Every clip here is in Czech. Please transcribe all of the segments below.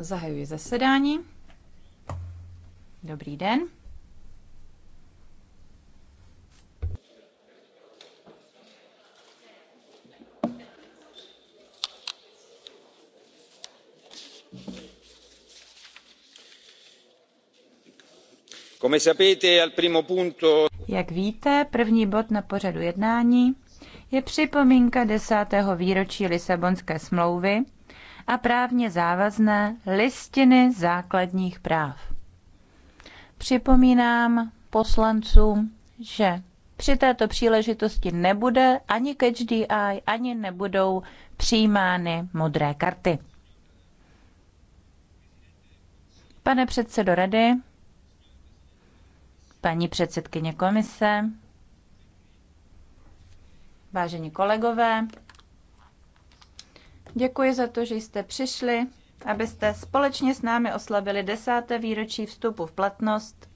Zahajuji zasedání. Dobrý den. Jak víte, první bod na pořadu jednání je připomínka desátého výročí Lisabonské smlouvy, a právně závazné listiny základních práv. Připomínám poslancům, že při této příležitosti nebude ani catch DI, ani nebudou přijímány modré karty. Pane předsedo rady, paní předsedkyně komise, vážení kolegové, Děkuji za to, že jste přišli, abyste společně s námi oslavili desáté výročí vstupu v platnost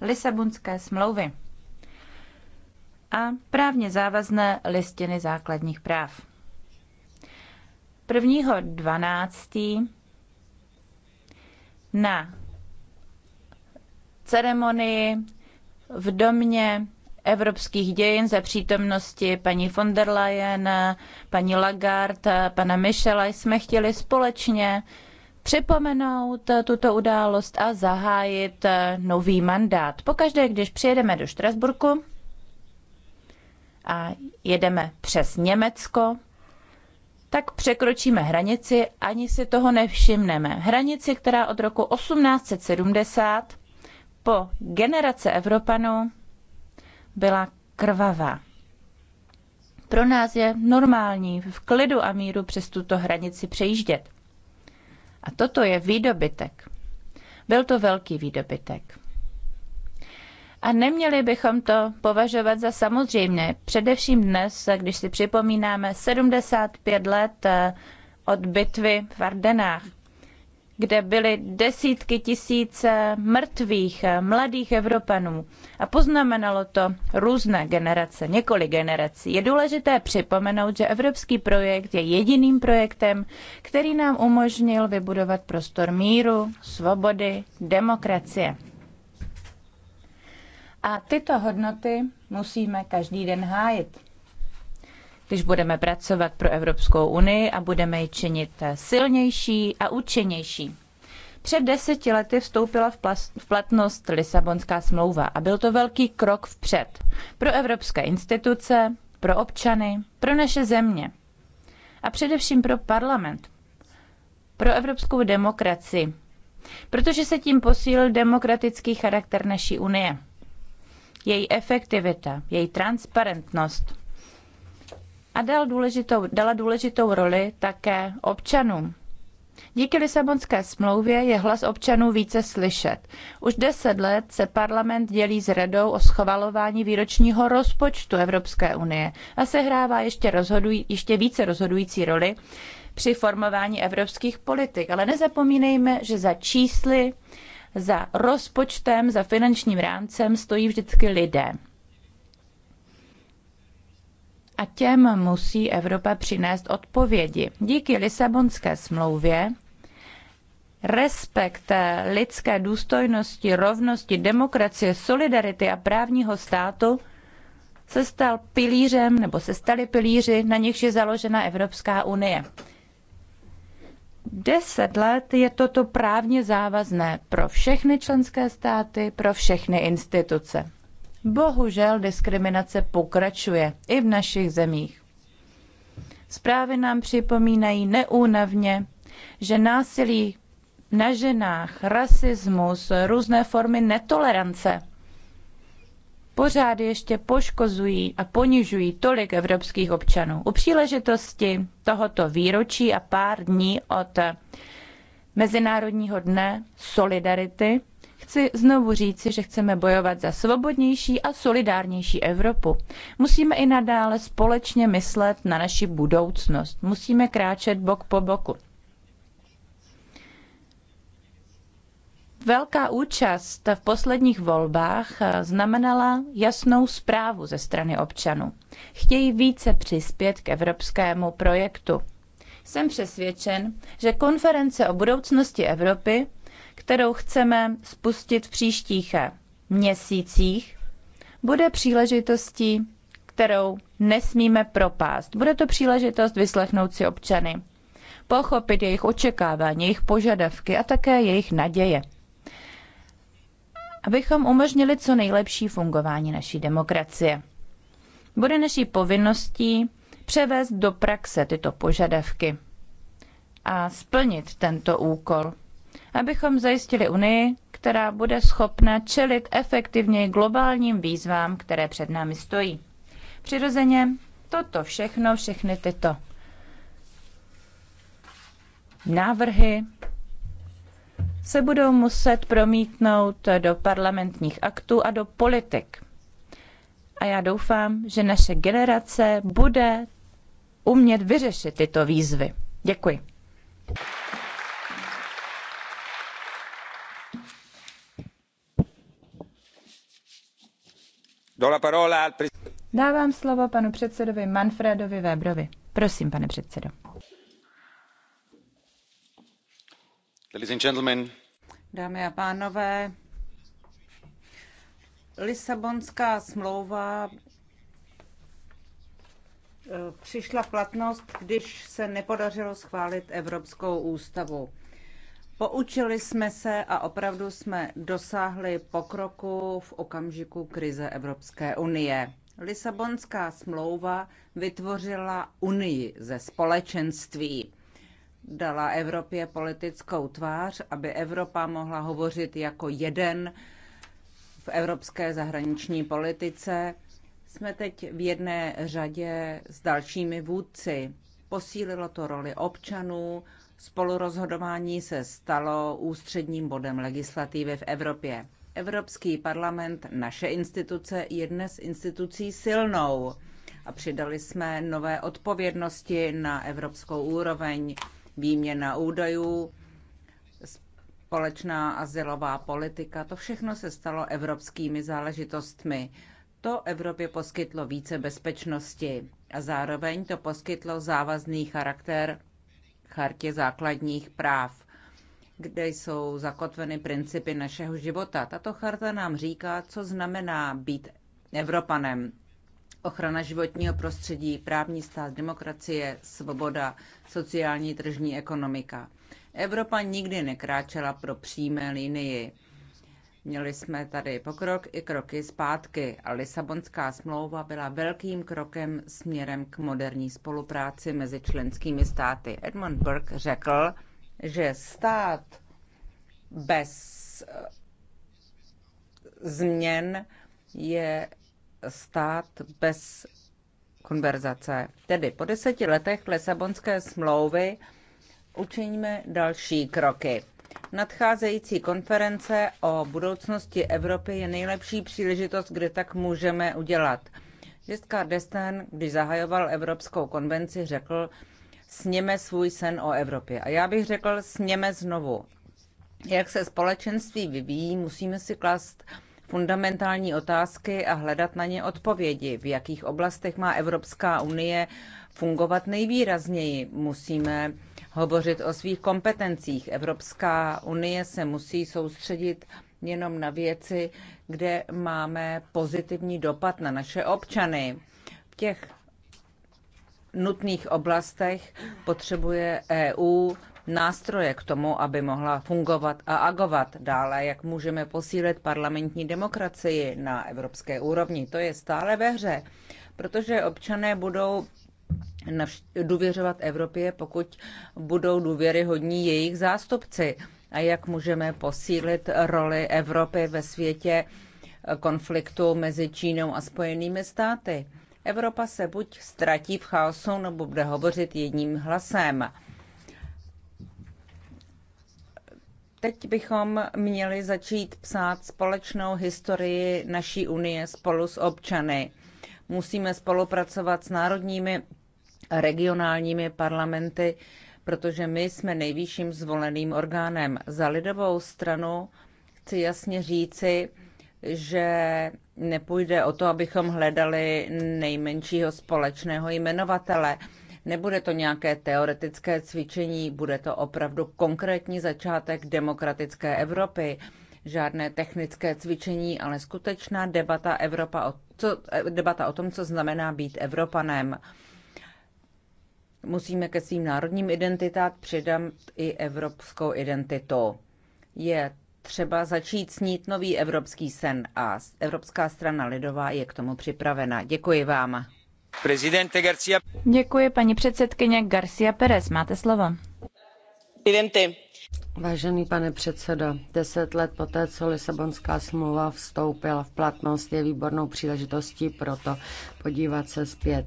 Lisabonské smlouvy a právně závazné listiny základních práv. 1.12. na ceremonii v domě evropských dějin za přítomnosti paní von der Leyen, paní Lagarde, pana Michela jsme chtěli společně připomenout tuto událost a zahájit nový mandát. Pokaždé, když přijedeme do Štrasburku a jedeme přes Německo, tak překročíme hranici, ani si toho nevšimneme. Hranici, která od roku 1870 po generace Evropanů byla krvavá. Pro nás je normální v klidu a míru přes tuto hranici přejíždět. A toto je výdobytek. Byl to velký výdobytek. A neměli bychom to považovat za samozřejmé, především dnes, když si připomínáme 75 let eh, od bitvy v Ardenách kde byly desítky tisíc mrtvých mladých Evropanů. A poznamenalo to různé generace, několik generací. Je důležité připomenout, že evropský projekt je jediným projektem, který nám umožnil vybudovat prostor míru, svobody, demokracie. A tyto hodnoty musíme každý den hájit když budeme pracovat pro Evropskou unii a budeme ji činit silnější a účinnější. Před deseti lety vstoupila v, plas, v platnost Lisabonská smlouva a byl to velký krok vpřed pro evropské instituce, pro občany, pro naše země a především pro parlament, pro evropskou demokracii, protože se tím posílil demokratický charakter naší unie, její efektivita, její transparentnost a dal důležitou, dala důležitou roli také občanům. Díky Lisabonské smlouvě je hlas občanů více slyšet. Už deset let se parlament dělí s radou o schvalování výročního rozpočtu Evropské unie a sehrává ještě, rozhoduj, ještě více rozhodující roli při formování evropských politik. Ale nezapomínejme, že za čísly, za rozpočtem, za finančním rámcem stojí vždycky lidé a těm musí Evropa přinést odpovědi. Díky Lisabonské smlouvě respekt lidské důstojnosti, rovnosti, demokracie, solidarity a právního státu se stal pilířem, nebo se staly pilíři, na nichž je založena Evropská unie. Deset let je toto právně závazné pro všechny členské státy, pro všechny instituce. Bohužel diskriminace pokračuje i v našich zemích. Zprávy nám připomínají neúnavně, že násilí na ženách, rasismus, různé formy netolerance pořád ještě poškozují a ponižují tolik evropských občanů. U příležitosti tohoto výročí a pár dní od Mezinárodního dne solidarity Chci znovu říci, že chceme bojovat za svobodnější a solidárnější Evropu. Musíme i nadále společně myslet na naši budoucnost. Musíme kráčet bok po boku. Velká účast v posledních volbách znamenala jasnou zprávu ze strany občanů. Chtějí více přispět k evropskému projektu. Jsem přesvědčen, že konference o budoucnosti Evropy kterou chceme spustit v příštích eh, měsících, bude příležitostí, kterou nesmíme propást. Bude to příležitost vyslechnout si občany, pochopit jejich očekávání, jejich požadavky a také jejich naděje. Abychom umožnili co nejlepší fungování naší demokracie. Bude naší povinností převést do praxe tyto požadavky a splnit tento úkol abychom zajistili Unii, která bude schopna čelit efektivněji globálním výzvám, které před námi stojí. Přirozeně toto všechno, všechny tyto návrhy se budou muset promítnout do parlamentních aktů a do politik. A já doufám, že naše generace bude umět vyřešit tyto výzvy. Děkuji. Dávám slovo panu předsedovi Manfredovi Weberovi. Prosím, pane předsedo. Dámy a pánové, Lisabonská smlouva eh, přišla v platnost, když se nepodařilo schválit Evropskou ústavu. Poučili jsme se a opravdu jsme dosáhli pokroku v okamžiku krize Evropské unie. Lisabonská smlouva vytvořila unii ze společenství. Dala Evropě politickou tvář, aby Evropa mohla hovořit jako jeden v evropské zahraniční politice. Jsme teď v jedné řadě s dalšími vůdci. Posílilo to roli občanů, Spolurozhodování se stalo ústředním bodem legislativy v Evropě. Evropský parlament, naše instituce, je dnes institucí silnou a přidali jsme nové odpovědnosti na evropskou úroveň, výměna údajů, společná azylová politika, to všechno se stalo evropskými záležitostmi. To Evropě poskytlo více bezpečnosti a zároveň to poskytlo závazný charakter chartě základních práv, kde jsou zakotveny principy našeho života. Tato charta nám říká, co znamená být Evropanem. Ochrana životního prostředí, právní stát, demokracie, svoboda, sociální tržní ekonomika. Evropa nikdy nekráčela pro přímé linii Měli jsme tady pokrok i kroky zpátky a Lisabonská smlouva byla velkým krokem směrem k moderní spolupráci mezi členskými státy. Edmund Burke řekl, že stát bez eh, změn je stát bez konverzace. Tedy po deseti letech Lisabonské smlouvy učiníme další kroky. Nadcházející konference o budoucnosti Evropy je nejlepší příležitost, kde tak můžeme udělat. Giscard d'Estaing, když zahajoval Evropskou konvenci, řekl, sněme svůj sen o Evropě. A já bych řekl, sněme znovu. Jak se společenství vyvíjí, musíme si klást fundamentální otázky a hledat na ně odpovědi. V jakých oblastech má Evropská unie fungovat nejvýrazněji? Musíme hovořit o svých kompetencích. Evropská unie se musí soustředit jenom na věci, kde máme pozitivní dopad na naše občany. V těch nutných oblastech potřebuje EU nástroje k tomu, aby mohla fungovat a agovat. Dále, jak můžeme posílit parlamentní demokracii na evropské úrovni. To je stále ve hře, protože občané budou důvěřovat Evropě, pokud budou důvěryhodní jejich zástupci a jak můžeme posílit roli Evropy ve světě konfliktu mezi Čínou a Spojenými státy. Evropa se buď ztratí v chaosu, nebo bude hovořit jedním hlasem. Teď bychom měli začít psát společnou historii naší unie spolu s občany. Musíme spolupracovat s národními regionálními parlamenty, protože my jsme nejvyšším zvoleným orgánem. Za lidovou stranu chci jasně říci, že nepůjde o to, abychom hledali nejmenšího společného jmenovatele. Nebude to nějaké teoretické cvičení, bude to opravdu konkrétní začátek demokratické Evropy. Žádné technické cvičení, ale skutečná debata, Evropa o, co, debata o tom, co znamená být Evropanem musíme ke svým národním identitám přidat i evropskou identitu. Je třeba začít snít nový evropský sen a Evropská strana lidová je k tomu připravena. Děkuji vám. Prezidente Garcia. Děkuji paní předsedkyně Garcia Perez. Máte slovo. Presidente Vážený pane předsedo, deset let poté, co Lisabonská smlouva vstoupila v platnost, je výbornou příležitostí pro to podívat se zpět.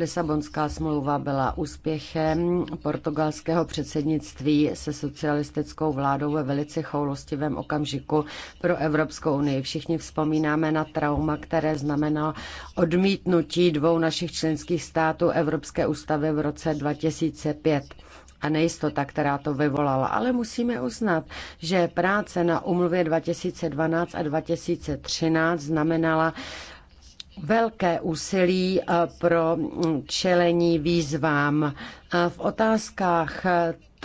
Lisabonská smlouva byla úspěchem portugalského předsednictví se socialistickou vládou ve velice choulostivém okamžiku pro Evropskou unii. Všichni vzpomínáme na trauma, které znamená odmítnutí dvou našich členských států Evropské ústavy v roce 2005 a nejistota, která to vyvolala. Ale musíme uznat, že práce na umluvě 2012 a 2013 znamenala velké úsilí eh, pro čelení výzvám. Eh, v otázkách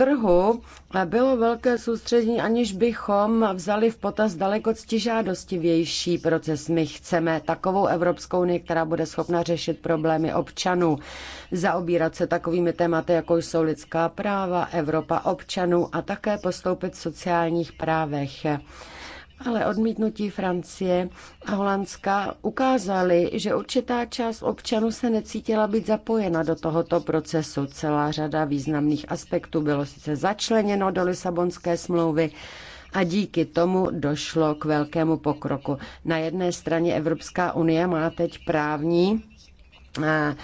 trhu bylo velké soustředění, aniž bychom vzali v potaz daleko ctižádostivější proces. My chceme takovou Evropskou unii, která bude schopna řešit problémy občanů, zaobírat se takovými tématy, jako jsou lidská práva, Evropa občanů a také postoupit v sociálních právech. Ale odmítnutí Francie a Holandska ukázali, že určitá část občanů se necítila být zapojena do tohoto procesu. Celá řada významných aspektů bylo sice začleněno do Lisabonské smlouvy, a díky tomu došlo k velkému pokroku. Na jedné straně Evropská unie má teď právní eh,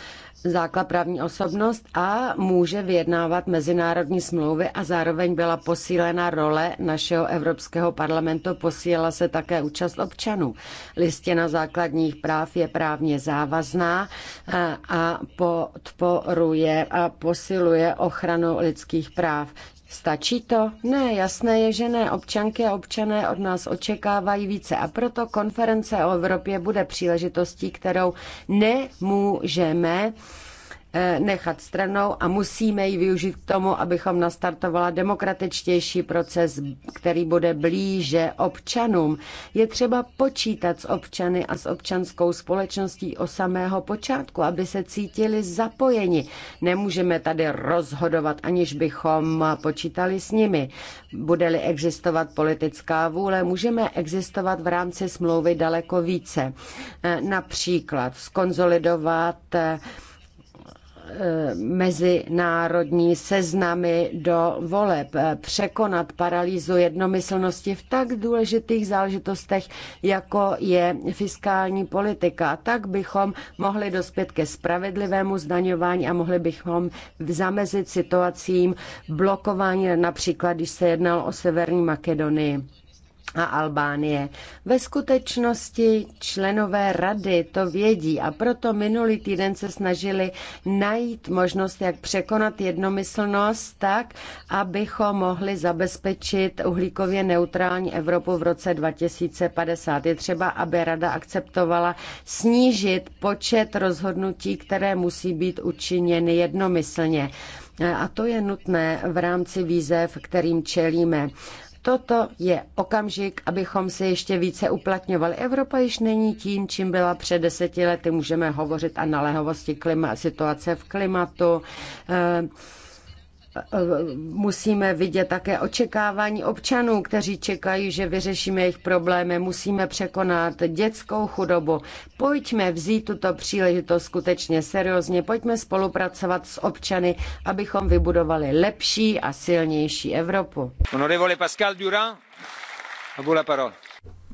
základ právní osobnost a může vyjednávat mezinárodní smlouvy a zároveň byla posílena role našeho Evropského parlamentu, posílala se také účast občanů. Listina základních práv je právně závazná a podporuje a posiluje ochranu lidských práv. Stačí to? Ne, jasné je, že ne. Občanky a občané od nás očekávají více a proto konference o Evropě bude příležitostí, kterou nemůžeme Eh, nechat stranou a musíme ji využít k tomu, abychom nastartovala demokratičtější proces, který bude blíže občanům. Je třeba počítat s občany a s občanskou společností o samého počátku, aby se cítili zapojeni. Nemůžeme tady rozhodovat, aniž bychom počítali s nimi. Bude-li existovat politická vůle, můžeme existovat v rámci smlouvy daleko více. Eh, například skonzolidovat eh, mezinárodní seznamy do voleb, překonat paralýzu jednomyslnosti v tak důležitých záležitostech, jako je fiskální politika. Tak bychom mohli dospět ke spravedlivému zdaňování a mohli bychom zamezit situacím blokování, například když se jednalo o Severní Makedonii a Albánie. Ve skutečnosti členové rady to vědí a proto minulý týden se snažili najít možnost, jak překonat jednomyslnost tak, abychom mohli zabezpečit uhlíkově neutrální Evropu v roce 2050. Je třeba, aby rada akceptovala snížit počet rozhodnutí, které musí být učiněny jednomyslně. A to je nutné v rámci výzev, kterým čelíme. Toto je okamžik, abychom se ještě více uplatňovali. Evropa již není tím, čím byla před deseti lety. Můžeme hovořit o nalehovosti klima, situace v klimatu. Eh, musíme vidět také očekávání občanů, kteří čekají, že vyřešíme jejich problémy. Musíme překonat dětskou chudobu. Pojďme vzít tuto příležitost skutečně seriózně. Pojďme spolupracovat s občany, abychom vybudovali lepší a silnější Evropu. Honorevole Pascal Durand, la parole.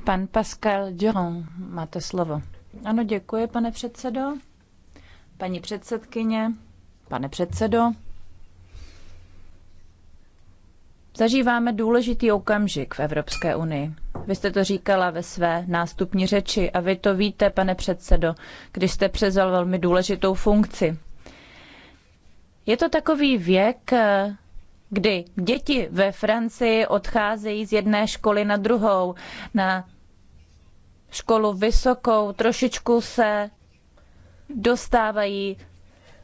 Pan Pascal Durand, máte slovo. Ano, děkuji, pane předsedo. Paní předsedkyně, pane předsedo, Zažíváme důležitý okamžik v Evropské unii. Vy jste to říkala ve své nástupní řeči a vy to víte, pane předsedo, když jste přezal velmi důležitou funkci. Je to takový věk, kdy děti ve Francii odcházejí z jedné školy na druhou, na školu vysokou, trošičku se dostávají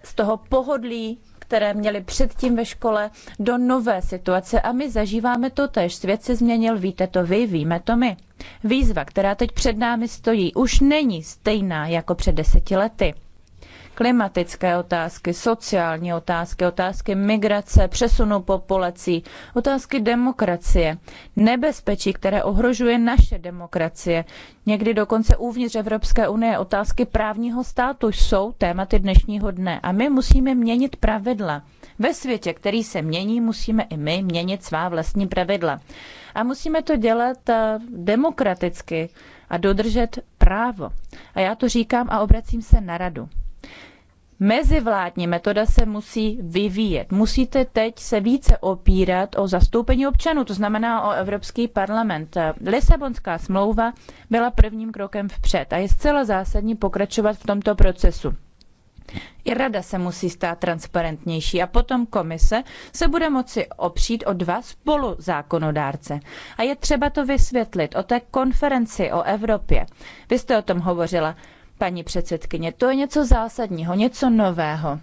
z toho pohodlí které měli předtím ve škole, do nové situace a my zažíváme to tež. Svět se změnil, víte to vy, víme to my. Výzva, která teď před námi stojí, už není stejná jako před deseti lety klimatické otázky, sociální otázky, otázky migrace, přesunu populací, otázky demokracie, nebezpečí, které ohrožuje naše demokracie, někdy dokonce uvnitř Evropské unie, otázky právního státu jsou tématy dnešního dne a my musíme měnit pravidla. Ve světě, který se mění, musíme i my měnit svá vlastní pravidla. A musíme to dělat eh, demokraticky a dodržet právo. A já to říkám a obracím se na radu mezivládní metoda se musí vyvíjet. Musíte teď se více opírat o zastoupení občanů, to znamená o Evropský parlament. Lisabonská smlouva byla prvním krokem vpřed a je zcela zásadní pokračovat v tomto procesu. I rada se musí stát transparentnější a potom komise se bude moci opřít o dva spolu zákonodárce. A je třeba to vysvětlit o té konferenci o Evropě. Vy jste o tom hovořila paní předsedkyně. To je něco zásadního, něco nového.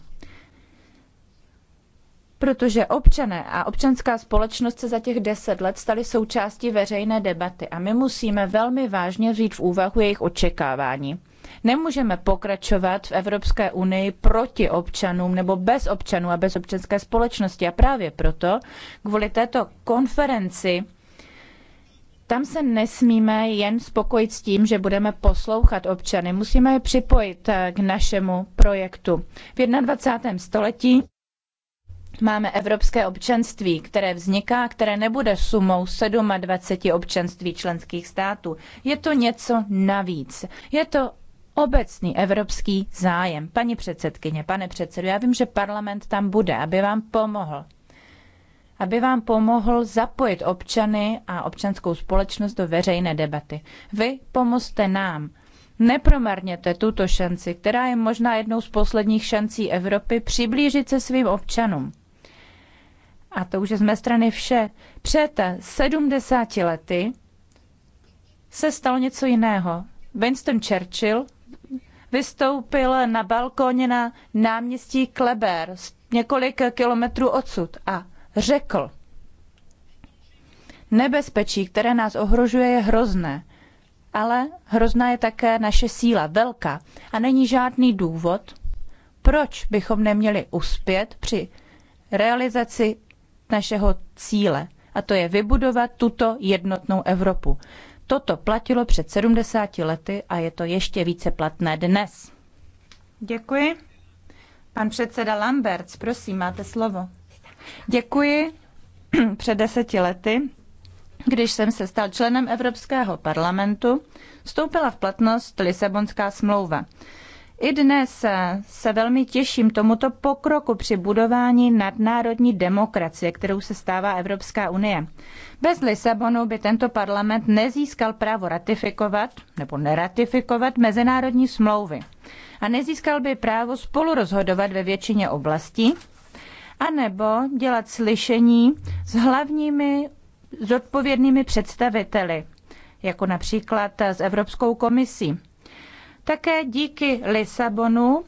Protože občané a občanská společnost se za těch deset let stali součástí veřejné debaty a my musíme velmi vážně vzít v úvahu jejich očekávání. Nemůžeme pokračovat v Evropské unii proti občanům nebo bez občanů a bez občanské společnosti. A právě proto, kvůli této konferenci tam se nesmíme jen spokojit s tím, že budeme poslouchat občany. Musíme je připojit eh, k našemu projektu. V 21. století Máme evropské občanství, které vzniká, které nebude sumou 27 občanství členských států. Je to něco navíc. Je to obecný evropský zájem. Paní předsedkyně, pane předsedu, já vím, že parlament tam bude, aby vám pomohl aby vám pomohl zapojit občany a občanskou společnost do veřejné debaty. Vy pomozte nám. Nepromarněte tuto šanci, která je možná jednou z posledních šancí Evropy přiblížit se svým občanům. A to už je z mé strany vše. Před 70 lety se stalo něco jiného. Winston Churchill vystoupil na balkóně na náměstí Kleber několik kilometrů odsud a řekl. Nebezpečí, které nás ohrožuje, je hrozné, ale hrozná je také naše síla, velká. A není žádný důvod, proč bychom neměli uspět při realizaci našeho cíle, a to je vybudovat tuto jednotnou Evropu. Toto platilo před 70 lety a je to ještě více platné dnes. Děkuji. Pan předseda Lamberts, prosím, máte slovo. Děkuji. Před deseti lety, když jsem se stal členem Evropského parlamentu, vstoupila v platnost Lisabonská smlouva. I dnes se velmi těším tomuto pokroku při budování nadnárodní demokracie, kterou se stává Evropská unie. Bez Lisabonu by tento parlament nezískal právo ratifikovat nebo neratifikovat mezinárodní smlouvy a nezískal by právo spolurozhodovat ve většině oblastí, anebo dělat slyšení s hlavními zodpovědnými představiteli, jako například s Evropskou komisí. Také díky Lisabonu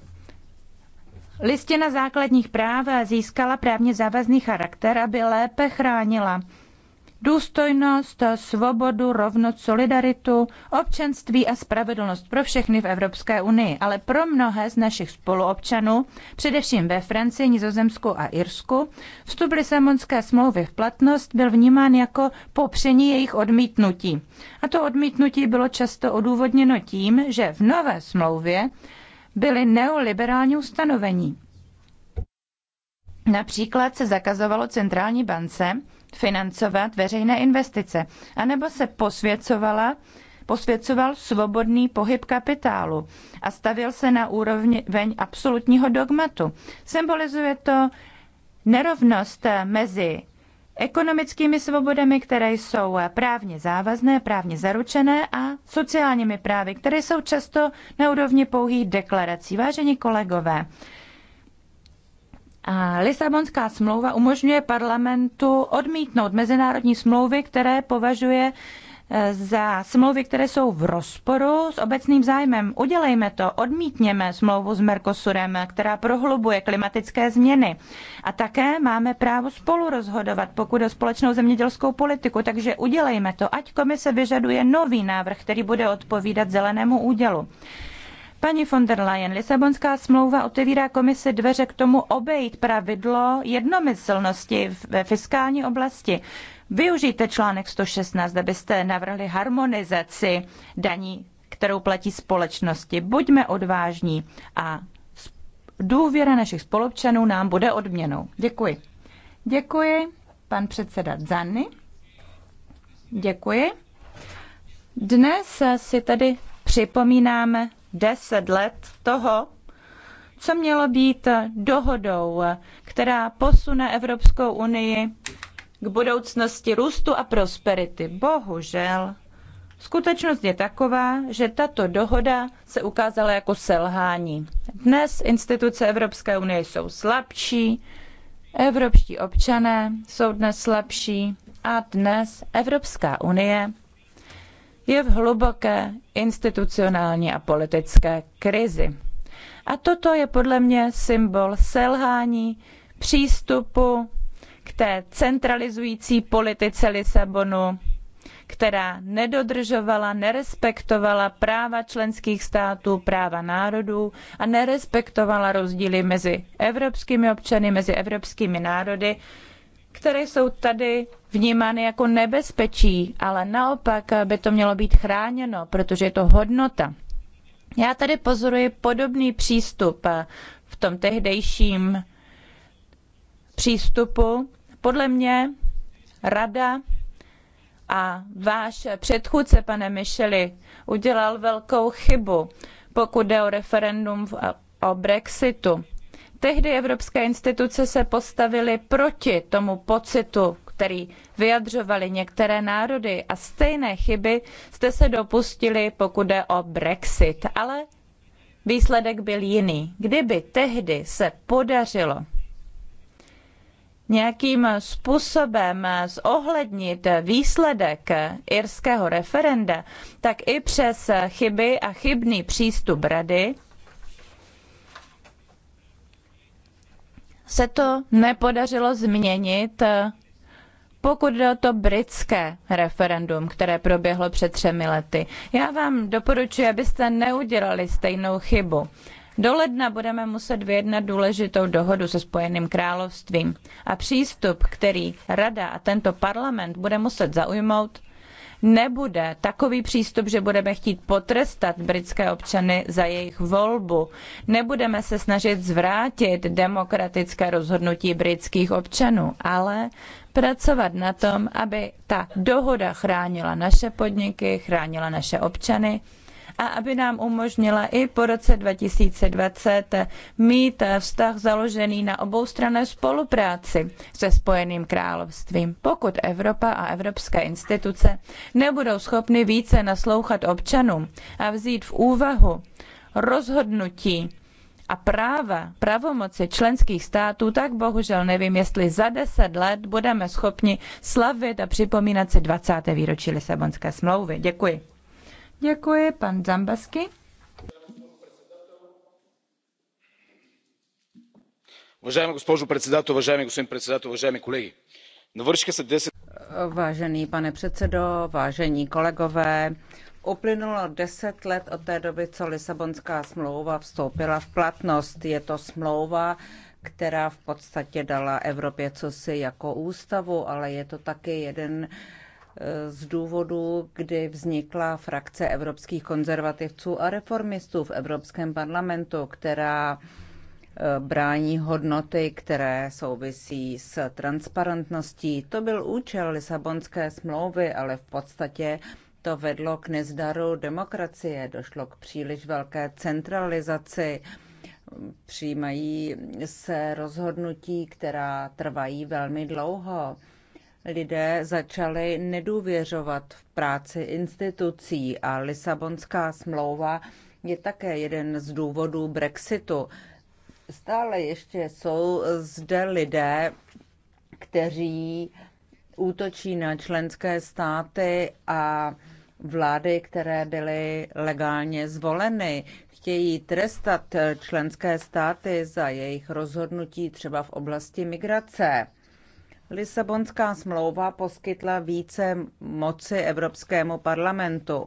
listina základních práv získala právně závazný charakter, aby lépe chránila důstojnost, svobodu, rovnost, solidaritu, občanství a spravedlnost pro všechny v Evropské unii. Ale pro mnohé z našich spoluobčanů, především ve Francii, Nizozemsku a Irsku, vstup Lisabonské smlouvy v platnost byl vnímán jako popření jejich odmítnutí. A to odmítnutí bylo často odůvodněno tím, že v nové smlouvě byly neoliberální ustanovení. Například se zakazovalo centrální bance, financovat veřejné investice, anebo se posvěcovala posvěcoval svobodný pohyb kapitálu a stavil se na úroveň absolutního dogmatu. Symbolizuje to nerovnost mezi ekonomickými svobodami, které jsou právně závazné, právně zaručené a sociálními právy, které jsou často na úrovni pouhých deklarací. Vážení kolegové, a Lisabonská smlouva umožňuje parlamentu odmítnout mezinárodní smlouvy, které považuje e, za smlouvy, které jsou v rozporu s obecným zájmem. Udělejme to, odmítněme smlouvu s Mercosurem, která prohlubuje klimatické změny. A také máme právo spolu rozhodovat, pokud o společnou zemědělskou politiku, takže udělejme to, ať komise vyžaduje nový návrh, který bude odpovídat zelenému údělu. Paní von der Leyen, Lisabonská smlouva otevírá komisi dveře k tomu obejít pravidlo jednomyslnosti ve fiskální oblasti. Využijte článek 116, abyste navrhli harmonizaci daní, kterou platí společnosti. Buďme odvážní a důvěra našich spolupčanů nám bude odměnou. Děkuji. Děkuji, pan předseda Zanny. Děkuji. Dnes si tady připomínáme deset let toho, co mělo být dohodou, která posune Evropskou unii k budoucnosti růstu a prosperity. Bohužel, skutečnost je taková, že tato dohoda se ukázala jako selhání. Dnes instituce Evropské unie jsou slabší, evropští občané jsou dnes slabší a dnes Evropská unie je v hluboké institucionální a politické krizi. A toto je podle mě symbol selhání přístupu k té centralizující politice Lisabonu, která nedodržovala, nerespektovala práva členských států, práva národů a nerespektovala rozdíly mezi evropskými občany, mezi evropskými národy které jsou tady vnímány jako nebezpečí, ale naopak by to mělo být chráněno, protože je to hodnota. Já tady pozoruji podobný přístup v tom tehdejším přístupu. Podle mě rada a váš předchůdce, pane Micheli, udělal velkou chybu, pokud jde o referendum o Brexitu. Tehdy evropské instituce se postavily proti tomu pocitu, který vyjadřovaly některé národy a stejné chyby jste se dopustili, pokud jde o Brexit. Ale výsledek byl jiný. Kdyby tehdy se podařilo nějakým způsobem zohlednit výsledek irského referenda, tak i přes chyby a chybný přístup rady se to nepodařilo změnit, eh, pokud jde o to britské referendum, které proběhlo před třemi lety. Já vám doporučuji, abyste neudělali stejnou chybu. Do ledna budeme muset vyjednat důležitou dohodu se Spojeným královstvím a přístup, který Rada a tento parlament bude muset zaujmout, nebude takový přístup, že budeme chtít potrestat britské občany za jejich volbu. Nebudeme se snažit zvrátit demokratické rozhodnutí britských občanů, ale pracovat na tom, aby ta dohoda chránila naše podniky, chránila naše občany a aby nám umožnila i po roce 2020 mít vztah založený na oboustranné spolupráci se Spojeným královstvím. Pokud Evropa a evropské instituce nebudou schopny více naslouchat občanům a vzít v úvahu rozhodnutí a práva, pravomoci členských států, tak bohužel nevím, jestli za deset let budeme schopni slavit a připomínat si 20. výročí Lisabonské smlouvy. Děkuji. Děkuji, pan Zambasky. Уважаема госпожо председател, vážený господин председател, vážení kolegy. Навършиха se 10... Vážený pane předsedo, vážení kolegové, uplynulo 10 let od té doby, co Lisabonská smlouva vstoupila v platnost. Je to smlouva, která v podstatě dala Evropě cosi jako ústavu, ale je to taky jeden z důvodu, kdy vznikla frakce evropských konzervativců a reformistů v Evropském parlamentu, která eh, brání hodnoty, které souvisí s transparentností. To byl účel Lisabonské smlouvy, ale v podstatě to vedlo k nezdaru demokracie, došlo k příliš velké centralizaci. Přijímají se rozhodnutí, která trvají velmi dlouho lidé začali nedůvěřovat v práci institucí a Lisabonská smlouva je také jeden z důvodů Brexitu. Stále ještě jsou zde lidé, kteří útočí na členské státy a vlády, které byly legálně zvoleny. Chtějí trestat členské státy za jejich rozhodnutí třeba v oblasti migrace. Lisabonská smlouva poskytla více moci Evropskému parlamentu.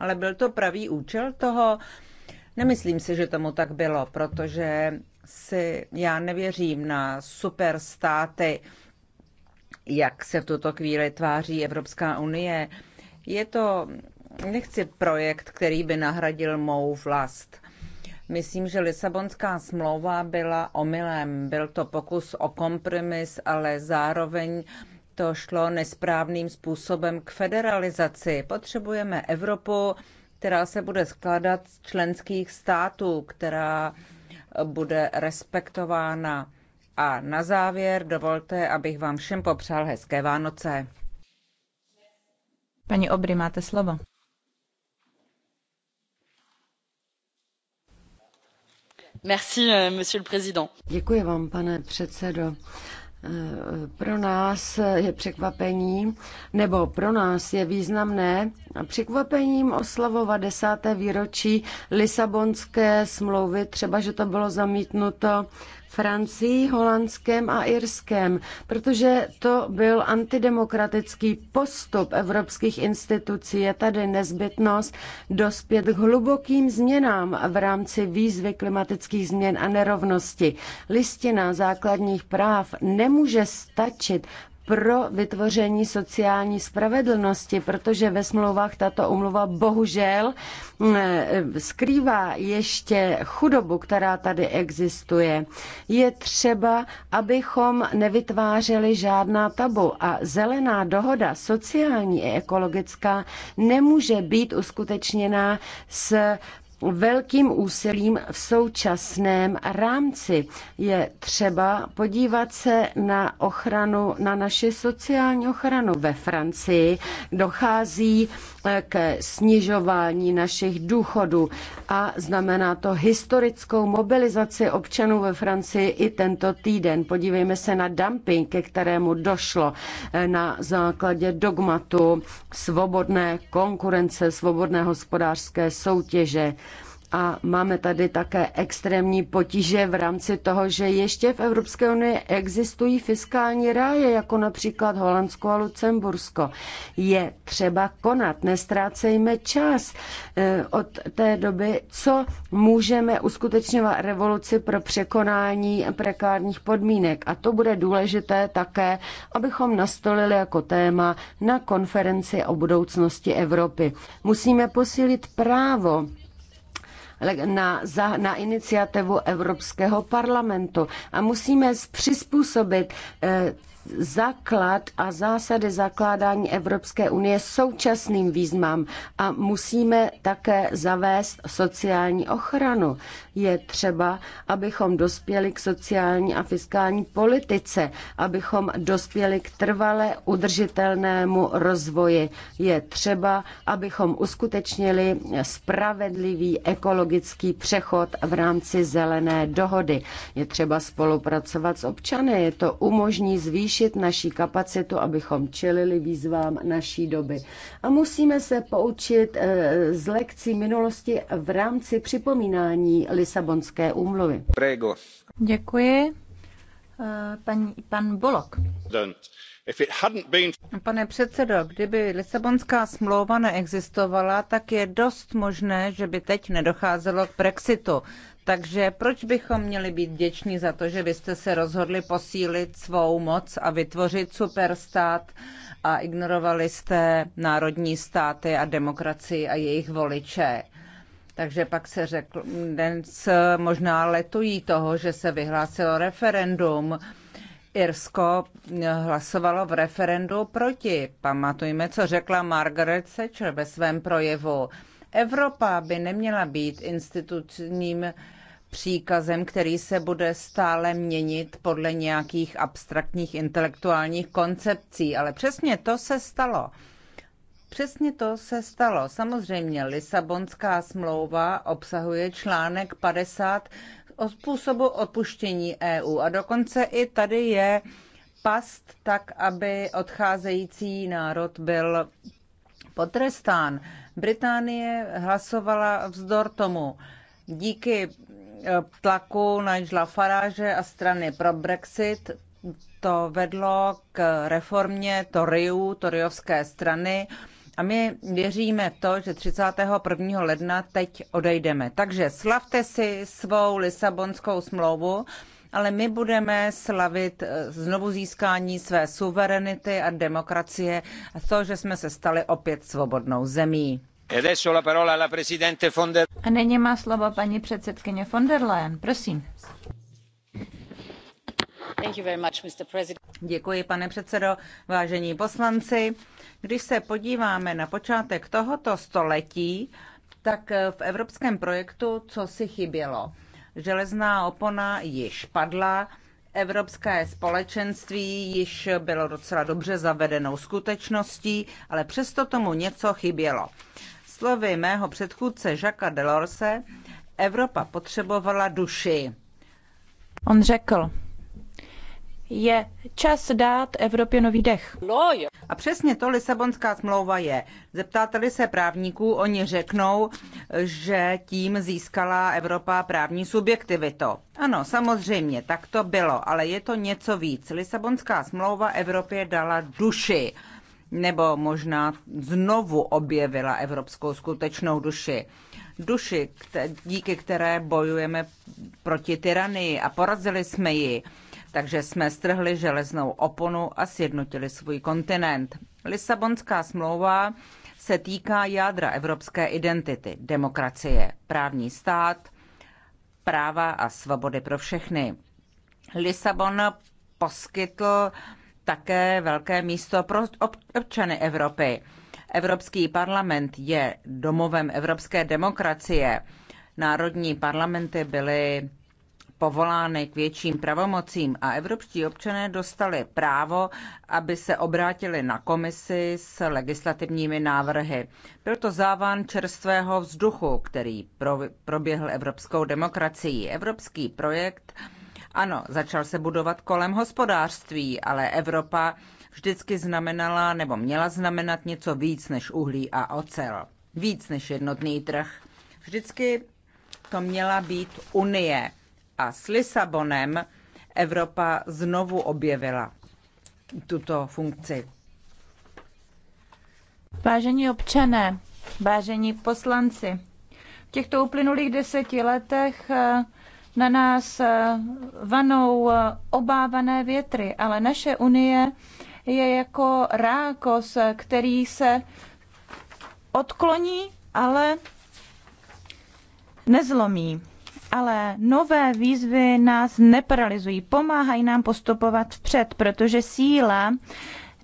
Ale byl to pravý účel toho? Nemyslím si, že tomu tak bylo, protože si já nevěřím na superstáty, jak se v tuto chvíli tváří Evropská unie. Je to, nechci projekt, který by nahradil mou vlast. Myslím, že Lisabonská smlouva byla omylem. Byl to pokus o kompromis, ale zároveň to šlo nesprávným způsobem k federalizaci. Potřebujeme Evropu, která se bude skládat z členských států, která bude respektována. A na závěr dovolte, abych vám všem popřál hezké Vánoce. Paní Obry, máte slovo. Merci, euh, monsieur le président. Děkuji vám, pane předsedo pro nás je překvapením, nebo pro nás je významné překvapením oslavovat desáté výročí Lisabonské smlouvy, třeba, že to bylo zamítnuto Francii, Holandském a Irském, protože to byl antidemokratický postup evropských institucí. Je tady nezbytnost dospět k hlubokým změnám v rámci výzvy klimatických změn a nerovnosti. Listina základních práv ne nemůže stačit pro vytvoření sociální spravedlnosti, protože ve smlouvách tato umluva bohužel mm, skrývá ještě chudobu, která tady existuje. Je třeba, abychom nevytvářeli žádná tabu a zelená dohoda, sociální i ekologická, nemůže být uskutečněná s velkým úsilím v současném rámci. Je třeba podívat se na ochranu, na naši sociální ochranu. Ve Francii dochází ke snižování našich důchodů a znamená to historickou mobilizaci občanů ve Francii i tento týden. Podívejme se na dumping, ke kterému došlo eh, na základě dogmatu svobodné konkurence, svobodné hospodářské soutěže. A máme tady také extrémní potíže v rámci toho, že ještě v Evropské unii existují fiskální ráje, jako například Holandsko a Lucembursko. Je třeba konat, nestrácejme čas e, od té doby, co můžeme uskutečňovat revoluci pro překonání prekárních podmínek. A to bude důležité také, abychom nastolili jako téma na konferenci o budoucnosti Evropy. Musíme posílit právo na, za, na iniciativu Evropského parlamentu. A musíme přizpůsobit eh, základ a zásady zakládání Evropské unie současným výzvám a musíme také zavést sociální ochranu. Je třeba, abychom dospěli k sociální a fiskální politice, abychom dospěli k trvale udržitelnému rozvoji. Je třeba, abychom uskutečnili spravedlivý ekologický přechod v rámci zelené dohody. Je třeba spolupracovat s občany, je to umožní zvýšit zvýšit naší kapacitu, abychom čelili výzvám naší doby. A musíme se poučit eh, z lekcí minulosti v rámci připomínání Lisabonské úmluvy. Prego. Děkuji. Eh, paní, pan Bolok. Pane předsedo, kdyby Lisabonská smlouva neexistovala, tak je dost možné, že by teď nedocházelo k Brexitu. Takže proč bychom měli být vděční za to, že vy jste se rozhodli posílit svou moc a vytvořit superstát a ignorovali jste národní státy a demokracii a jejich voliče? Takže pak se řekl, dnes možná letují toho, že se vyhlásilo referendum. Irsko hlasovalo v referendu proti. Pamatujme, co řekla Margaret Thatcher ve svém projevu. Evropa by neměla být institucním příkazem, který se bude stále měnit podle nějakých abstraktních intelektuálních koncepcí. Ale přesně to se stalo. Přesně to se stalo. Samozřejmě Lisabonská smlouva obsahuje článek 50 o způsobu odpuštění EU a dokonce i tady je past tak, aby odcházející národ byl potrestán. Británie hlasovala vzdor tomu. Díky Eh, tlaku Nigela Farage a strany pro Brexit to vedlo k reformě Toriu, Toriovské strany. A my věříme v to, že 31. ledna teď odejdeme. Takže slavte si svou Lisabonskou smlouvu, ale my budeme slavit eh, znovu získání své suverenity a demokracie a to, že jsme se stali opět svobodnou zemí. E A nyní má slovo paní předsedkyně von der Leyen, prosím. Děkuji, pane předsedo, vážení poslanci. Když se podíváme na počátek tohoto století, tak v evropském projektu co si chybělo? Železná opona již padla, Evropské společenství již bylo docela dobře zavedenou skutečností, ale přesto tomu něco chybělo. Slovy mého předchůdce Jacques Delorse, Evropa potřebovala duši. On řekl, je čas dát Evropě nový dech. A přesně to Lisabonská smlouva je. Zeptáte-li se právníků, oni řeknou, že tím získala Evropa právní subjektivitu. Ano, samozřejmě, tak to bylo, ale je to něco víc. Lisabonská smlouva Evropě dala duši nebo možná znovu objevila evropskou skutečnou duši. Duši, díky které bojujeme proti tyranii a porazili jsme ji. Takže jsme strhli železnou oponu a sjednotili svůj kontinent. Lisabonská smlouva se týká jádra evropské identity, demokracie, právní stát, práva a svobody pro všechny. Lisabon poskytl také velké místo pro občany Evropy. Evropský parlament je domovem evropské demokracie. Národní parlamenty byly povolány k větším pravomocím a evropští občané dostali právo, aby se obrátili na komisi s legislativními návrhy. Byl to závan čerstvého vzduchu, který proběhl evropskou demokracií. Evropský projekt ano, začal se budovat kolem hospodářství, ale Evropa vždycky znamenala nebo měla znamenat něco víc než uhlí a ocel. Víc než jednotný trh. Vždycky to měla být Unie. A s Lisabonem Evropa znovu objevila tuto funkci. Vážení občané, vážení poslanci, v těchto uplynulých deseti letech eh, na nás eh, vanou eh, obávané větry, ale naše unie je jako rákos, eh, který se odkloní, ale nezlomí. Ale nové výzvy nás neparalizují, pomáhají nám postupovat vpřed, protože síla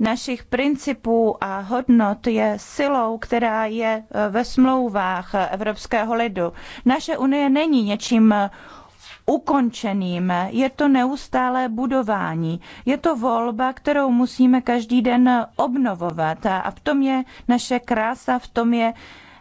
našich principů a hodnot je silou, která je ve smlouvách evropského lidu. Naše unie není něčím ukončeným. Je to neustálé budování. Je to volba, kterou musíme každý den obnovovat. A v tom je naše krása, v tom je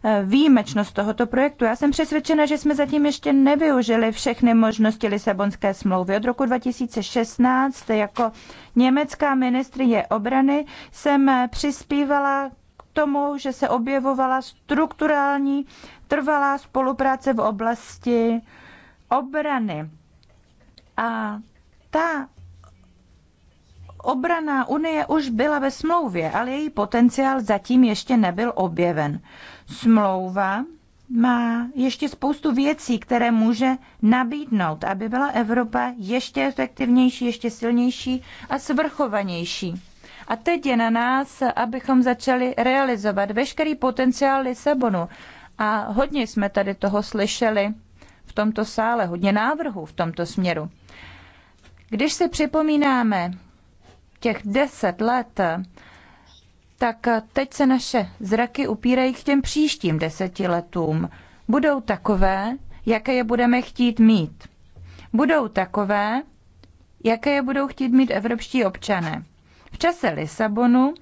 eh, výjimečnost tohoto projektu. Já jsem přesvědčena, že jsme zatím ještě nevyužili všechny možnosti Lisabonské smlouvy. Od roku 2016 jako německá ministrině obrany jsem eh, přispívala k tomu, že se objevovala strukturální trvalá spolupráce v oblasti obrany. A ta obraná unie už byla ve smlouvě, ale její potenciál zatím ještě nebyl objeven. Smlouva má ještě spoustu věcí, které může nabídnout, aby byla Evropa ještě efektivnější, ještě silnější a svrchovanější. A teď je na nás, abychom začali realizovat veškerý potenciál Lisabonu. A hodně jsme tady toho slyšeli v tomto sále, hodně návrhů v tomto směru. Když si připomínáme těch deset let, tak teď se naše zraky upírají k těm příštím deseti letům. Budou takové, jaké je budeme chtít mít. Budou takové, jaké je budou chtít mít evropští občané. V čase Lisabonu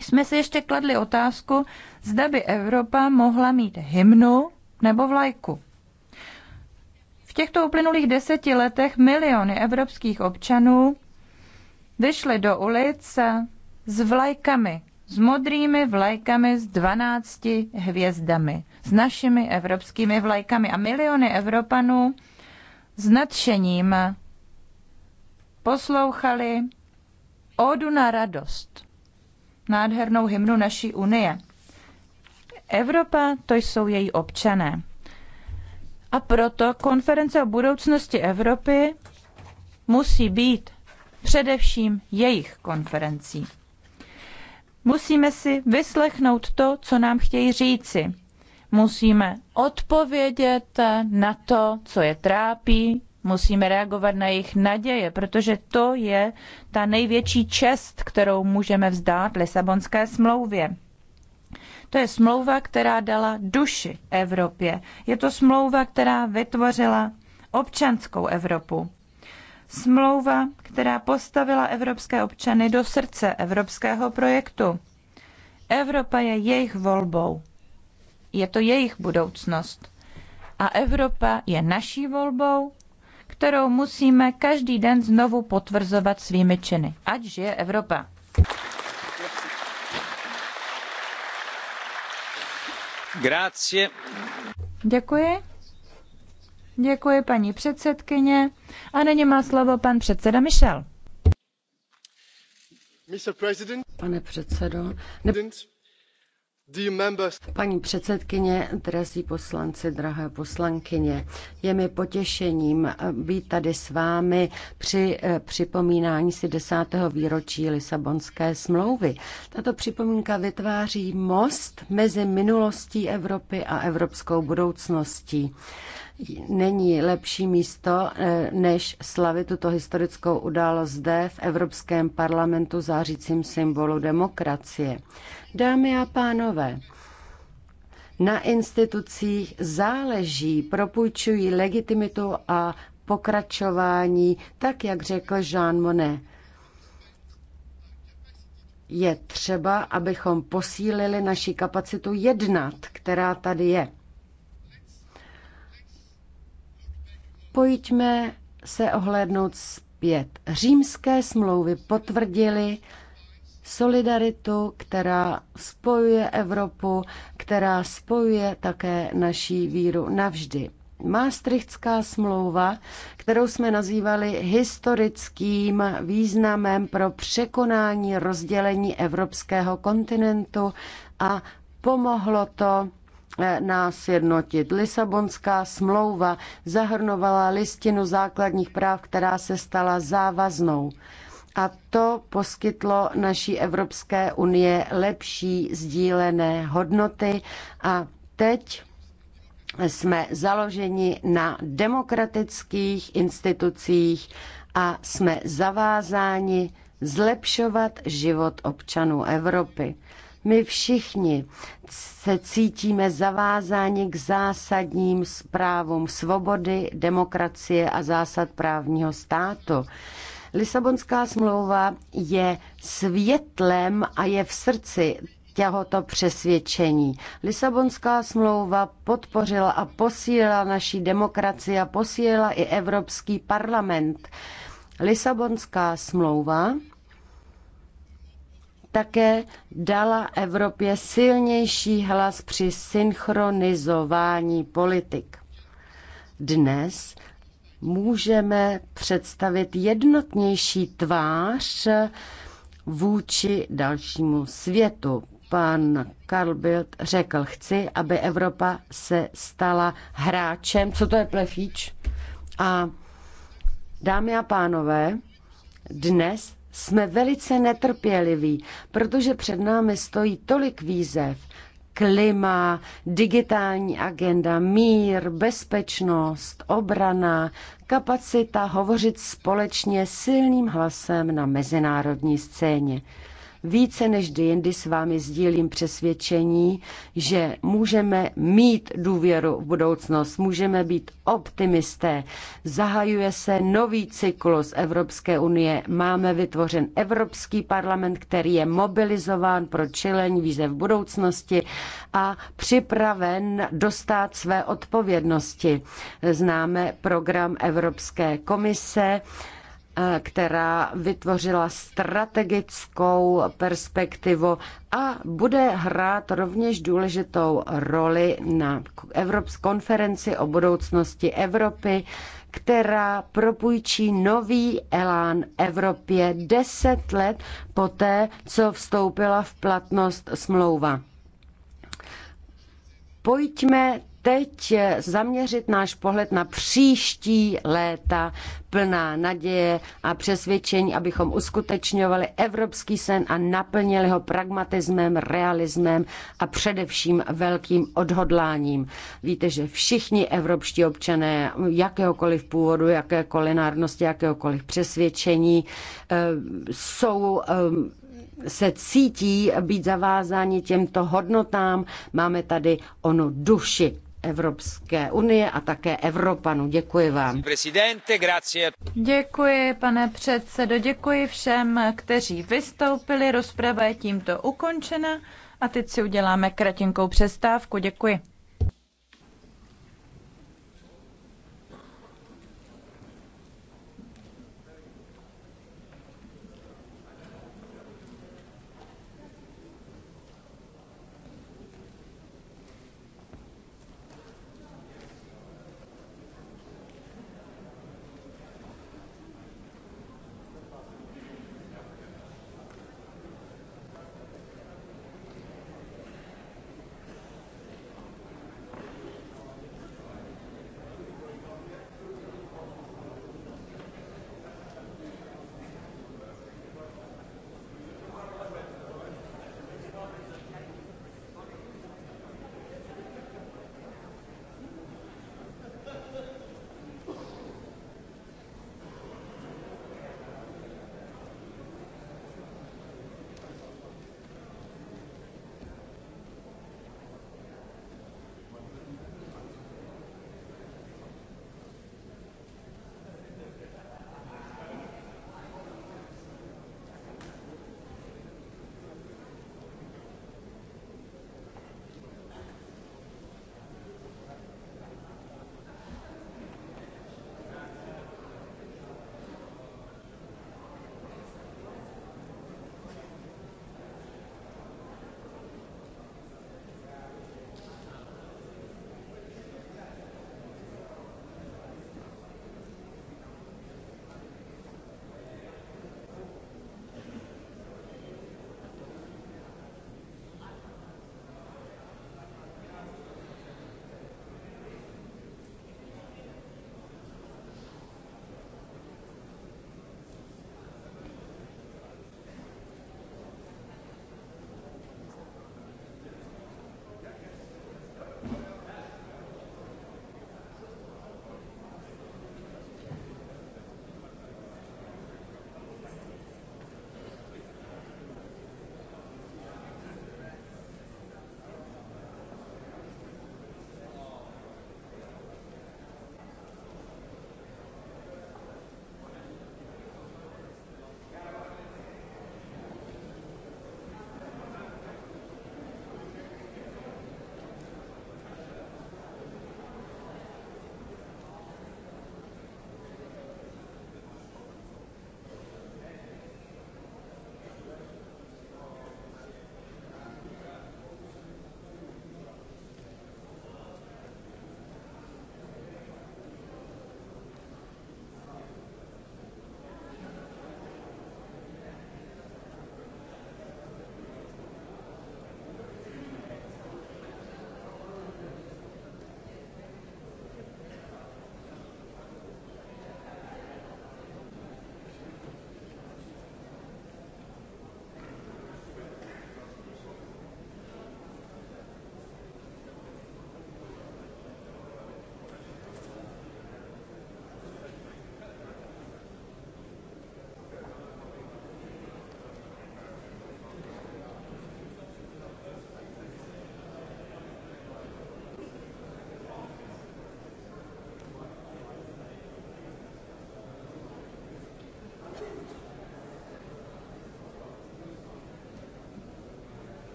jsme si ještě kladli otázku, zda by Evropa mohla mít hymnu nebo vlajku. V těchto uplynulých deseti letech miliony evropských občanů vyšly do ulic s vlajkami, s modrými vlajkami s 12 hvězdami, s našimi evropskými vlajkami a miliony Evropanů s nadšením poslouchali Odu na radost, nádhernou hymnu naší unie. Evropa to jsou její občané. A proto konference o budoucnosti Evropy musí být především jejich konferencí. Musíme si vyslechnout to, co nám chtějí říci. Musíme odpovědět na to, co je trápí, musíme reagovat na jejich naděje, protože to je ta největší čest, kterou můžeme vzdát Lisabonské smlouvě. To je smlouva, která dala duši Evropě. Je to smlouva, která vytvořila občanskou Evropu. Smlouva, která postavila evropské občany do srdce evropského projektu. Evropa je jejich volbou. Je to jejich budoucnost. A Evropa je naší volbou, kterou musíme každý den znovu potvrzovat svými činy. Ať žije Evropa! Grazie. Děkuji. Děkuji paní předsedkyně. A nyní má slovo pan předseda Michel. Pane předsedo, ne... Paní předsedkyně, drazí poslanci, drahé poslankyně, je mi potěšením eh, být tady s vámi při eh, připomínání si desátého výročí Lisabonské smlouvy. Tato připomínka vytváří most mezi minulostí Evropy a evropskou budoucností není lepší místo, eh, než slavit tuto historickou událost zde v Evropském parlamentu zářícím symbolu demokracie. Dámy a pánové, na institucích záleží, propůjčují legitimitu a pokračování, tak jak řekl Jean Monnet. Je třeba, abychom posílili naši kapacitu jednat, která tady je. Pojďme se ohlédnout zpět. Římské smlouvy potvrdily solidaritu, která spojuje Evropu, která spojuje také naší víru navždy. Maastrichtská smlouva, kterou jsme nazývali historickým významem pro překonání rozdělení evropského kontinentu a pomohlo to eh, nás jednotit. Lisabonská smlouva zahrnovala listinu základních práv, která se stala závaznou. A to poskytlo naší Evropské unie lepší sdílené hodnoty a teď jsme založeni na demokratických institucích a jsme zavázáni zlepšovat život občanů Evropy. My všichni se cítíme zavázáni k zásadním zprávům svobody, demokracie a zásad právního státu. Lisabonská smlouva je světlem a je v srdci těhoto přesvědčení. Lisabonská smlouva podpořila a posílila naší demokracii a posílila i Evropský parlament. Lisabonská smlouva také dala Evropě silnější hlas při synchronizování politik. Dnes můžeme představit jednotnější tvář vůči dalšímu světu. Pan Karl Bild řekl, chci, aby Evropa se stala hráčem. Co to je plefíč? A dámy a pánové, dnes jsme velice netrpěliví, protože před námi stojí tolik výzev. Klima, digitální agenda, mír, bezpečnost, obrana, kapacita hovořit společně silným hlasem na mezinárodní scéně. Více než kdy jindy s vámi sdílím přesvědčení, že můžeme mít důvěru v budoucnost, můžeme být optimisté. Zahajuje se nový cyklus Evropské unie. Máme vytvořen Evropský parlament, který je mobilizován pro čilení výzev budoucnosti a připraven dostat své odpovědnosti. Známe program Evropské komise, která vytvořila strategickou perspektivu a bude hrát rovněž důležitou roli na Evropské konferenci o budoucnosti Evropy, která propůjčí nový elán Evropě deset let poté, co vstoupila v platnost smlouva. Pojďme teď zaměřit náš pohled na příští léta plná naděje a přesvědčení, abychom uskutečňovali evropský sen a naplnili ho pragmatismem, realismem a především velkým odhodláním. Víte, že všichni evropští občané jakéhokoliv původu, jakékoliv národnosti, jakéhokoliv přesvědčení eh, jsou eh, se cítí být zavázáni těmto hodnotám. Máme tady onu duši Evropské unie a také Evropanů. Děkuji vám. Děkuji, pane předsedo, děkuji všem, kteří vystoupili. Rozprava je tímto ukončena a teď si uděláme kratinkou přestávku. Děkuji.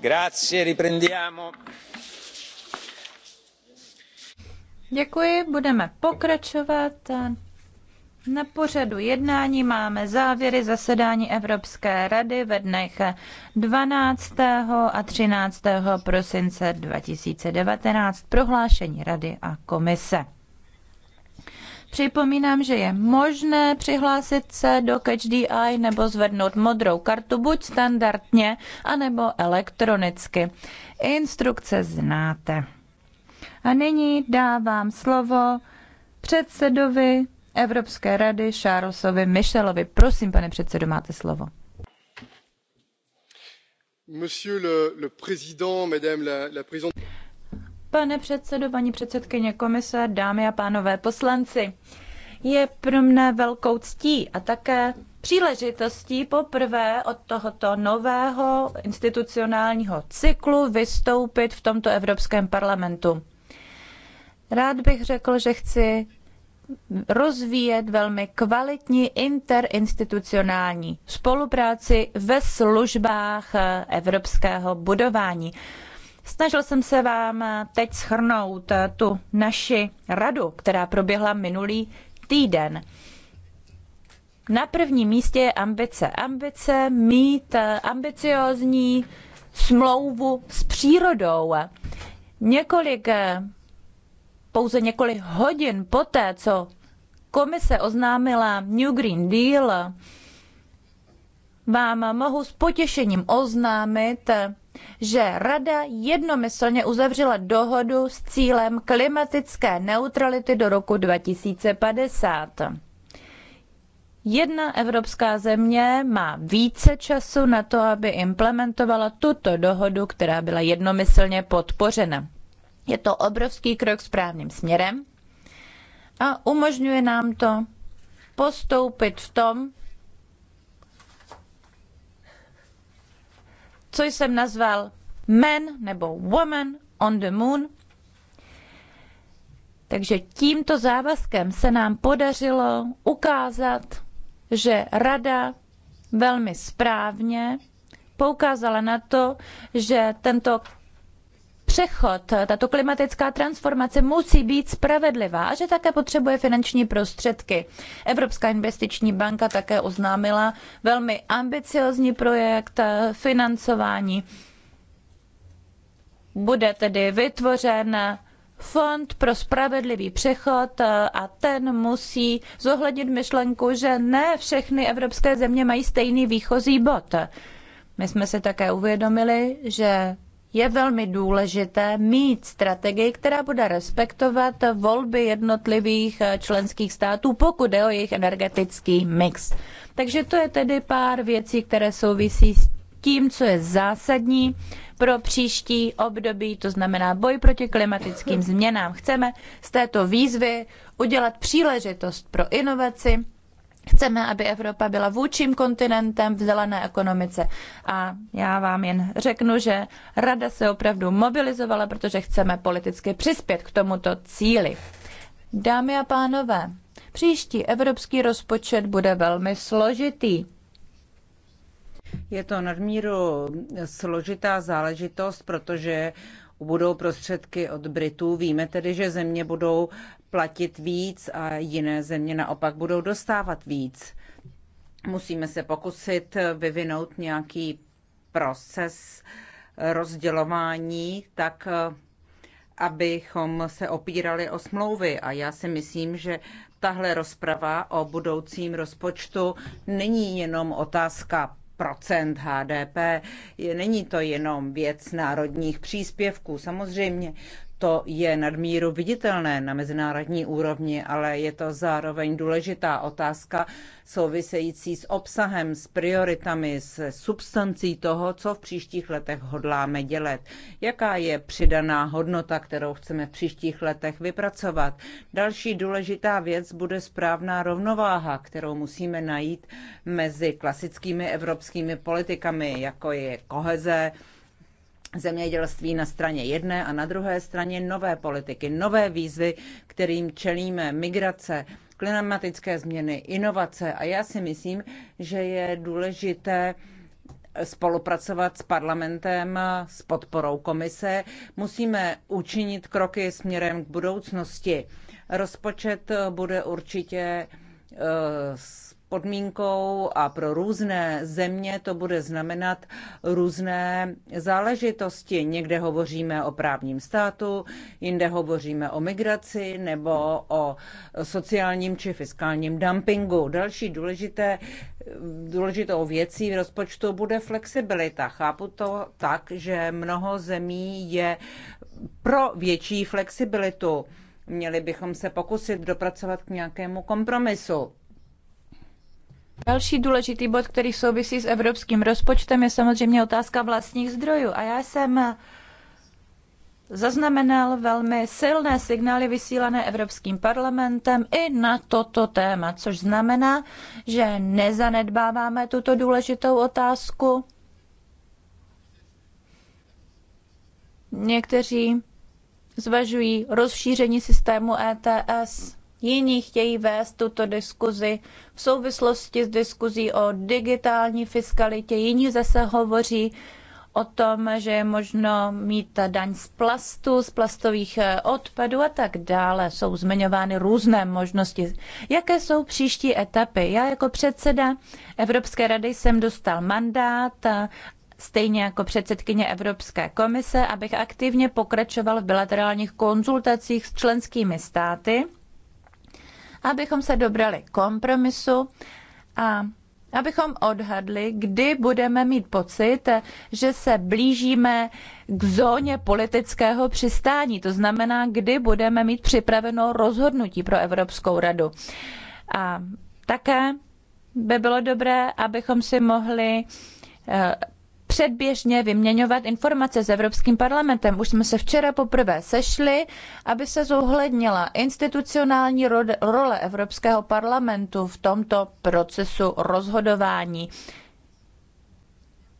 Grazie, Děkuji, budeme pokračovat. Na pořadu jednání máme závěry zasedání Evropské rady ve dnech 12. a 13. prosince 2019, prohlášení rady a komise. Připomínám, že je možné přihlásit se do Catch the Eye nebo zvednout modrou kartu buď standardně, anebo elektronicky. Instrukce znáte. A nyní dávám slovo předsedovi Evropské rady Charlesovi Michelovi. Prosím, pane předsedo, máte slovo. Monsieur le, le président, madame la, la présidente. Pane předsedo, paní předsedkyně komise, dámy a pánové poslanci, je pro mne velkou ctí a také příležitostí poprvé od tohoto nového institucionálního cyklu vystoupit v tomto Evropském parlamentu. Rád bych řekl, že chci rozvíjet velmi kvalitní interinstitucionální spolupráci ve službách evropského budování. Snažil jsem se vám teď schrnout tu naši radu, která proběhla minulý týden. Na prvním místě je ambice. Ambice mít ambiciozní smlouvu s přírodou. Několik, pouze několik hodin poté, co komise oznámila New Green Deal, vám mohu s potěšením oznámit, že Rada jednomyslně uzavřela dohodu s cílem klimatické neutrality do roku 2050. Jedna evropská země má více času na to, aby implementovala tuto dohodu, která byla jednomyslně podpořena. Je to obrovský krok správným směrem a umožňuje nám to postoupit v tom, co jsem nazval Man nebo Woman on the Moon. Takže tímto závazkem se nám podařilo ukázat, že Rada velmi správně poukázala na to, že tento přechod, tato klimatická transformace musí být spravedlivá a že také potřebuje finanční prostředky. Evropská investiční banka také oznámila velmi ambiciozní projekt financování. Bude tedy vytvořen Fond pro spravedlivý přechod a ten musí zohlednit myšlenku, že ne všechny evropské země mají stejný výchozí bod. My jsme si také uvědomili, že je velmi důležité mít strategii, která bude respektovat volby jednotlivých eh, členských států, pokud je o jejich energetický mix. Takže to je tedy pár věcí, které souvisí s tím, co je zásadní pro příští období, to znamená boj proti klimatickým změnám. Chceme z této výzvy udělat příležitost pro inovaci, Chceme, aby Evropa byla vůčím kontinentem v zelené ekonomice. A já vám jen řeknu, že Rada se opravdu mobilizovala, protože chceme politicky přispět k tomuto cíli. Dámy a pánové, příští evropský rozpočet bude velmi složitý. Je to nadmíru složitá záležitost, protože budou prostředky od Britů. Víme tedy, že země budou platit víc a jiné země naopak budou dostávat víc. Musíme se pokusit vyvinout nějaký proces rozdělování, tak abychom se opírali o smlouvy. A já si myslím, že tahle rozprava o budoucím rozpočtu není jenom otázka procent HDP. Není to jenom věc národních příspěvků. Samozřejmě to je nadmíru viditelné na mezinárodní úrovni, ale je to zároveň důležitá otázka související s obsahem, s prioritami, s substancí toho, co v příštích letech hodláme dělat. Jaká je přidaná hodnota, kterou chceme v příštích letech vypracovat? Další důležitá věc bude správná rovnováha, kterou musíme najít mezi klasickými evropskými politikami, jako je koheze, zemědělství na straně jedné a na druhé straně nové politiky, nové výzvy, kterým čelíme, migrace, klimatické změny, inovace. A já si myslím, že je důležité spolupracovat s parlamentem, s podporou komise. Musíme učinit kroky směrem k budoucnosti. Rozpočet bude určitě eh, podmínkou a pro různé země to bude znamenat různé záležitosti. Někde hovoříme o právním státu, jinde hovoříme o migraci nebo o sociálním či fiskálním dumpingu. Další důležité, důležitou věcí v rozpočtu bude flexibilita. Chápu to tak, že mnoho zemí je pro větší flexibilitu. Měli bychom se pokusit dopracovat k nějakému kompromisu. Další důležitý bod, který souvisí s evropským rozpočtem, je samozřejmě otázka vlastních zdrojů. A já jsem zaznamenal velmi silné signály vysílané Evropským parlamentem i na toto téma, což znamená, že nezanedbáváme tuto důležitou otázku. Někteří zvažují rozšíření systému ETS Jiní chtějí vést tuto diskuzi v souvislosti s diskuzí o digitální fiskalitě, jiní zase hovoří o tom, že je možno mít daň z plastu, z plastových eh, odpadů a tak dále. Jsou zmiňovány různé možnosti. Jaké jsou příští etapy? Já jako předseda Evropské rady jsem dostal mandát eh, stejně jako předsedkyně Evropské komise, abych aktivně pokračoval v bilaterálních konzultacích s členskými státy abychom se dobrali kompromisu a abychom odhadli, kdy budeme mít pocit, že se blížíme k zóně politického přistání. To znamená, kdy budeme mít připraveno rozhodnutí pro Evropskou radu. A také by bylo dobré, abychom si mohli eh, předběžně vyměňovat informace s Evropským parlamentem. Už jsme se včera poprvé sešli, aby se zohlednila institucionální role Evropského parlamentu v tomto procesu rozhodování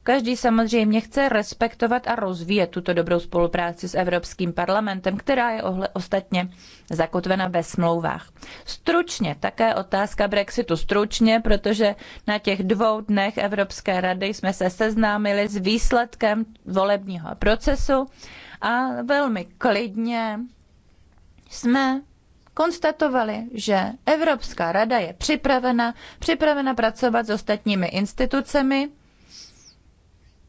Každý samozřejmě chce respektovat a rozvíjet tuto dobrou spolupráci s Evropským parlamentem, která je ostatně zakotvena ve smlouvách. Stručně, také otázka Brexitu stručně, protože na těch dvou dnech Evropské rady jsme se seznámili s výsledkem volebního procesu a velmi klidně jsme konstatovali, že Evropská rada je připravena, připravena pracovat s ostatními institucemi,